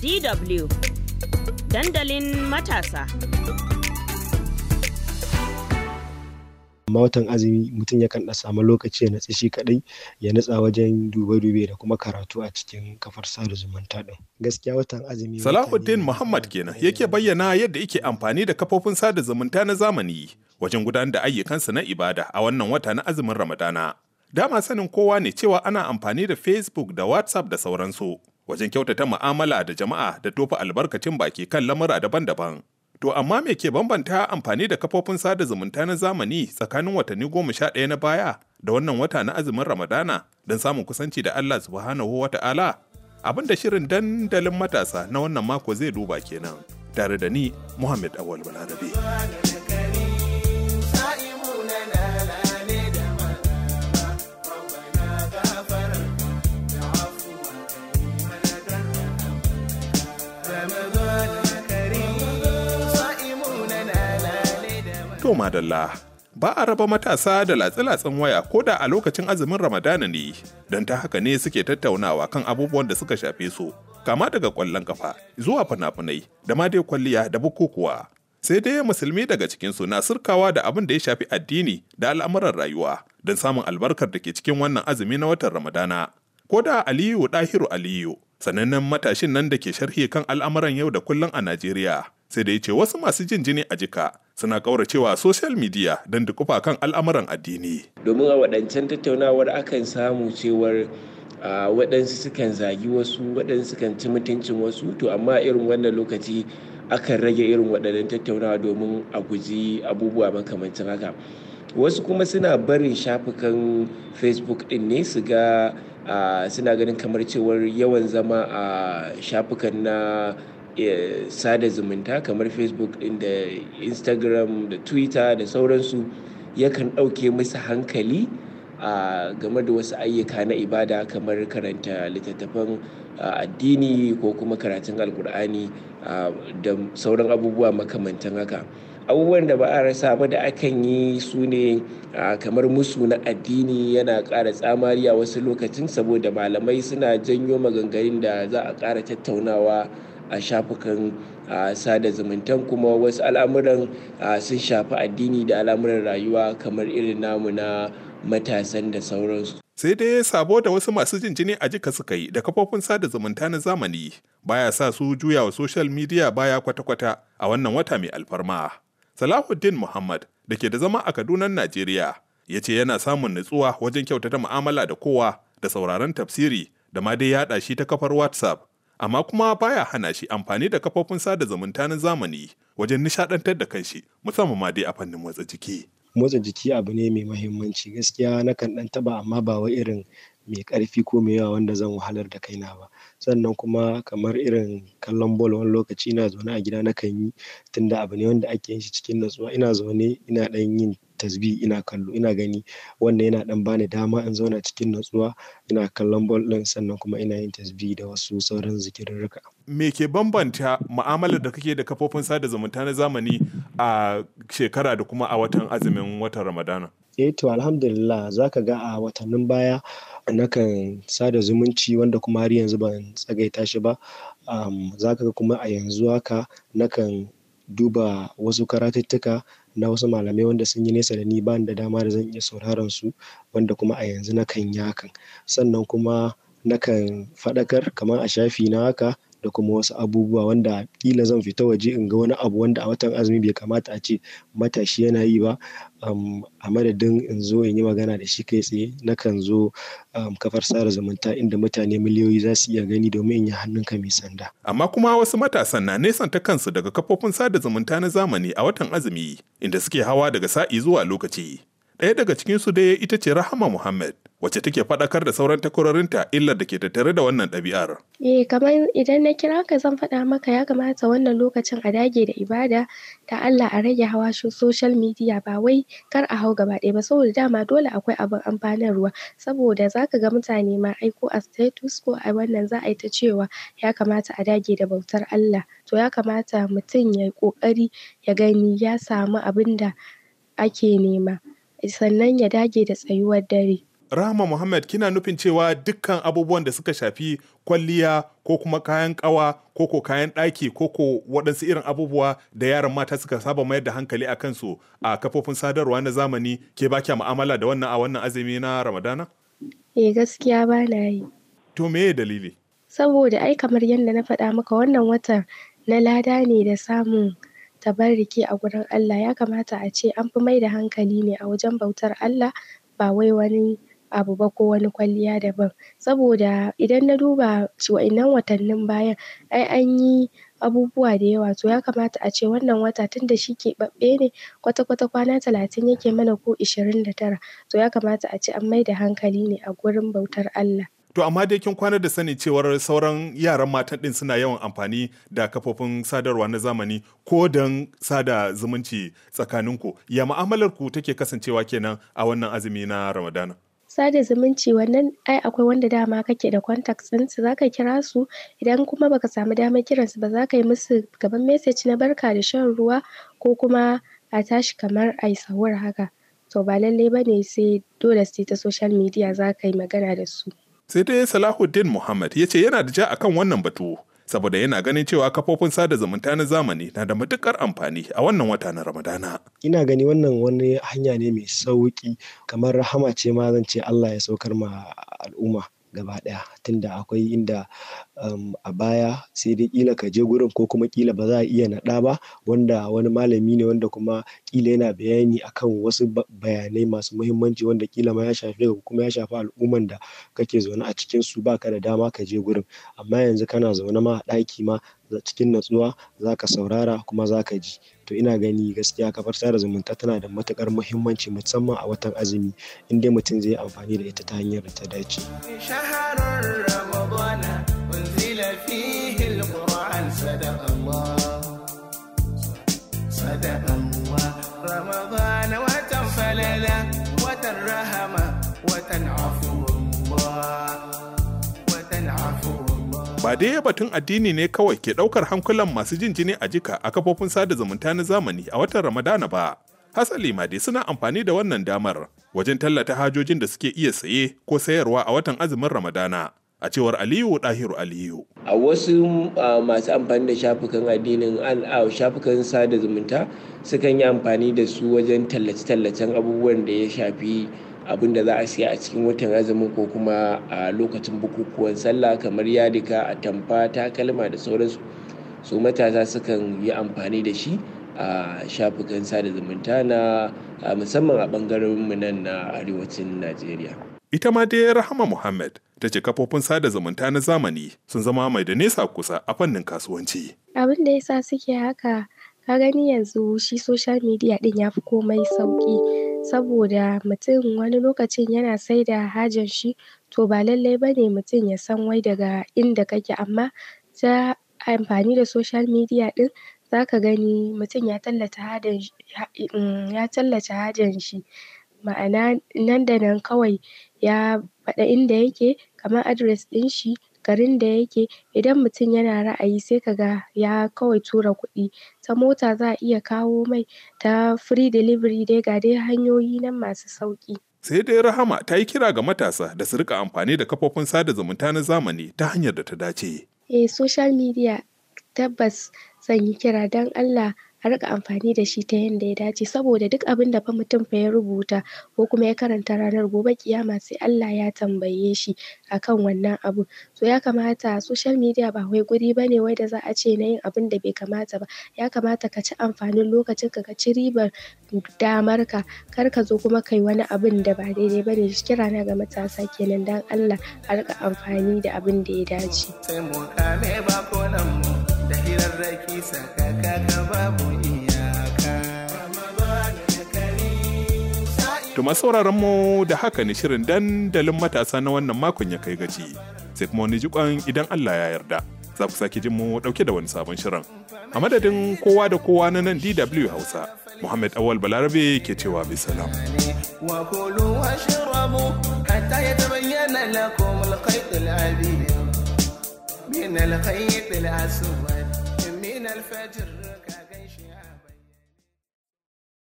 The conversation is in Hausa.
DW dandalin matasa. amma watan azumi mutum yakan ɗan samu lokaci ya natsi shi kaɗai ya natsa wajen dube-dube da kuma karatu a cikin kafar sada zumunta ɗin gaskiya watan azumi salahuddin muhammad kenan yake bayyana yadda yake amfani da kafofin sada zumunta na zamani wajen gudanar da ayyukansa na ibada a wannan wata na azumin ramadana dama sanin kowa ne cewa ana amfani da facebook da whatsapp da sauransu wajen kyautata mu'amala da jama'a da tofa albarkacin baki kan lamura daban-daban. To amma me ke bambanta amfani da kafofin sada zumunta na zamani tsakanin watanni goma sha ɗaya na baya da wannan wata na azumin Ramadana don samun kusanci da Allah subhanahu wa ta'ala? Abin da shirin dandalin matasa na wannan mako zai duba kenan. Tare da ni Muhammad Awal Balarabe. To madalla, ba a raba matasa da latsa latsin waya ko da a lokacin azumin Ramadana ne, don ta haka ne suke tattaunawa kan abubuwan da suka shafe su, kama daga kwallon kafa zuwa fina-finai da ma dai kwalliya da bukukuwa. Sai dai musulmi daga cikinsu na surkawa da abin da ya shafi addini da al'amuran rayuwa don samun albarkar da ke cikin wannan azumi na watan Ramadana. Ko da Aliyu Ɗahiru Aliyu, sanannen matashin nan da ke sharhi kan al'amuran yau da kullum a Najeriya, sai da ya ce wasu masu jin jini a jika suna kauracewa social media don dukufa kan al'amuran addini. Domin a waɗancan tattaunawar akan samu cewar waɗansu sukan zagi wasu waɗansu sukan ci mutuncin wasu to amma irin wannan lokaci akan rage irin waɗannan tattaunawa domin a guji abubuwa makamancin haka. wasu kuma suna barin shafukan facebook din ne su ga suna ganin kamar cewar yawan zama a shafukan na sada zumunta kamar facebook din da instagram da twitter da sauransu yakan ɗauke musu hankali a game da wasu ayyuka na ibada kamar karanta littattafan addini ko kuma karatun alkur'ani da sauran abubuwa makamantan haka abubuwan da ba a rasa ba da akan yi su ne kamar musu na addini yana kara tsamari a wasu lokacin saboda malamai suna janyo maganganun da za a kara tattaunawa a shafukan sada zumuntan kuma wasu al'amuran sun shafi addini da al'amuran rayuwa kamar irin namu na matasan da sauransu. Sai dai sabo da wasu masu jin jini a jika suka yi da kafofin sada zumunta na zamani baya sa su juya wa social media baya kwata-kwata a wannan wata mai alfarma. Salahuddin Muhammad da ke da zama a Kadunan Najeriya ya ce yana samun nutsuwa wajen kyautata mu'amala da kowa da sauraron tafsiri da ma dai yaɗa shi ta kafar WhatsApp amma kuma baya hana shi amfani da kafofin sada zumunta na zamani wajen nishadantar da kanshi musamman ma dai a fannin motsa jiki. Motsa jiki abu ne mai mahimmanci gaskiya na kan ɗan taba amma ba wai irin mai karfi ko mai yawa wanda zan wahalar da kaina ba sannan kuma kamar irin kallon bol wani lokaci ina zaune a gida na kan yi tunda abu ne wanda ake yin shi cikin natsuwa ina zaune ina ɗan yin tasbi ina kallo ina gani wannan yana ɗan bani dama in zauna cikin natsuwa ina kallon ball ɗin sannan kuma ina yin tasbi da wasu sauran zikirarruka. Me ke bambanta mu'amalar da kake da kafofin sada zumunta na zamani a shekara da kuma a watan azumin watan Ramadana? eh to alhamdulillah za ka ga a watannin baya nakan sada zumunci wanda kuma har yanzu ban tsagaita shi ba zaka ga kuma a yanzu haka nakan duba wasu karatuttuka na wasu malamai wanda sun yi nesa da ni ba ni da dama da zan iya sauraron su wanda kuma a yanzu nakan yi hakan. Sannan kuma nakan faɗakar kamar a shafi na haka da kuma wasu abubuwa wanda kila zan fita waje in ga wani abu wanda a watan azumi bai kamata a ce matashi yana yi ba um, a madadin in zo in yi magana da shi kai tsaye na kan zo um, kafar sada zumunta inda mutane miliyoyi za su iya gani domin in yi hannunka mai sanda. Amma kuma wasu matasan na nesanta kansu daga kafofin sada zumunta na zamani a watan azumi inda suke hawa daga sa'i zuwa lokaci. Ɗaya daga cikinsu dai ita ce Rahama Muhammad. wace take faɗakar da sauran takwarorinta illar da ke tattare da wannan ɗabi'ar. Eh kamar idan na kira ka zan faɗa maka ya kamata wannan lokacin a dage da ibada ta Allah a rage hawa shi social media ba wai kar a hau gaba ɗaya ba saboda dama dole akwai abin amfanarwa saboda zaka ga mutane ma aiko a status ko a wannan za a yi ta cewa ya kamata a dage da bautar Allah to ya kamata mutum ya yi ƙoƙari ya gani ya samu abin da ake nema. sannan ya dage da tsayuwar dare. Rahama Muhammad kina nufin cewa dukkan abubuwan da suka shafi kwalliya ko kuma kayan kawa ko ko kayan ɗaki ko ko waɗansu irin abubuwa da yaran mata suka saba mayar da hankali a kansu a kafofin sadarwa na zamani ke ba kya mu'amala da wannan a wannan azumi na Ramadana? Eh gaskiya ba na yi. To me dalili? Saboda ai kamar yadda na faɗa maka wannan watan na lada ne da samun tabarruki a gurin Allah. Ya kamata a ce an fi mai da hankali ne a wajen bautar Allah ba wai wani abu ba ko wani kwalliya daban. Saboda idan na duba wa'innan watannin bayan ai an yi abubuwa da yawa to ya kamata a ce wannan wata tun da shi keɓaɓɓe ne kwata-kwata kwana talatin yake mana ko ishirin da tara to ya kamata a ce an mai da hankali ne a gurin bautar Allah. To amma dai kin kwana da sani cewar sauran yaran matan ɗin suna yawan amfani da kafofin sadarwa na zamani ko don sada zumunci tsakaninku. Ya ma'amalar ku take kasancewa kenan a wannan azumi na Ramadana? Sada zumunci wannan ai akwai wanda dama kake da contacts ɗin su zaka kira su idan kuma baka samu damar kiran su ba zaka yi musu gaban message na barka da shan ruwa ko kuma a tashi kamar ai sahur haka. To ba lallai bane sai dole sai ta social media ka yi magana da su. sai dai salahuddin muhammad ya ce yana da ja a kan wannan batu saboda yana ganin cewa kafofin sada zumunta na zamani na da matukar amfani a wannan wata na ramadana ina gani wannan wani hanya ne mai sauki kamar rahama ce ma zan ce allah ya saukar ma al'umma gaba ɗaya tunda akwai inda um, a baya sai dai ƙila ka je gurin ko kuma ƙila ba za a iya naɗa ba wanda wani malami ne wanda kuma ƙila yana bayani akan wasu bayanai masu muhimmanci wanda ƙila ma ya shafi ka kuma ya shafi al'umman da kake zaune a cikin su baka da dama ka je gurin amma yanzu kana zaune ma a ɗaki ma cikin natsuwa zaka saurara kuma za ka ji. to ina gani gaskiya kafar sada zumunta tana da matukar muhimmanci musamman a watan azumi inda mutum zai amfani da ita ta hanyar da ta dace. watan rahama watan afu ba dai batun addini ne kawai ke daukar hankulan masu jin jini a jika a kafofin sada zumunta na zamani a watan ramadana ba hasali ma dai suna amfani da wannan damar wajen tallata hajojin da suke iya saye ko sayarwa a watan azumin ramadana a cewar aliyu dahiru aliyu a wasu masu amfani da shafukan addinin an a shafukan sada zumunta sukan yi amfani da su wajen tallace-tallacen abubuwan da ya shafi abin da za a siya a cikin watan azumin ko kuma a lokacin bukukuwan sallah kamar yadika tamfa takalma da sauransu su matasa sukan yi amfani da shi a shafukan sada zumunta na musamman a bangaren mu nan na arewacin najeriya ita ma dai rahama muhammad ta ce kafofin sada zumunta na zamani sun zama mai da nesa kusa a fannin kasuwanci abin da ya sa suke haka ka gani yanzu shi social media din ya fi komai sauki saboda mutum wani lokacin yana saida hajar shi to ba lallai bane mutum ya san wai daga inda kake amma ta amfani da social media ɗin zaka gani mutum mm, ya tallata hajar shi ma'ana nan da nan kawai ya faɗa inda yake kamar address ɗin shi garin da yake idan mutum yana ra'ayi sai kaga ya kawai tura kuɗi ta mota za a iya kawo mai ta free delivery dai ga dai hanyoyi nan masu sauƙi. Sai dai Rahama ta yi kira ga matasa da su rika amfani da kafofin sada zumunta na zamani ta hanyar da ta dace. Eh social media tabbas zan yi kira don Allah a riƙa amfani da shi ta yanda ya dace saboda duk abin da fa mutum fa ya rubuta ko kuma ya karanta ranar gobe ƙiyama sai Allah ya tambaye shi akan wannan abun so ya kamata social media ba wai guri bane wai da a ce na yin abin da bai kamata ba ya kamata ka ci amfanin lokacin ka ci ribar damar ka kar ka zo kuma kayi wani da ba daidai bane kira na ga matasa kenan dan Allah a riƙa amfani da da ya dace. Sai mu kame da hirarraki sakaka babu kuma sauraron mu da haka ne shirin dandalin matasa na wannan makon ya kai gaci. Sai kuma wani jikon idan Allah ya yarda. Za ku sake jin mu dauke da wani sabon shirin. A madadin kowa da kowa na nan DW Hausa. Muhammad Awal Balarabe ke cewa bi salam.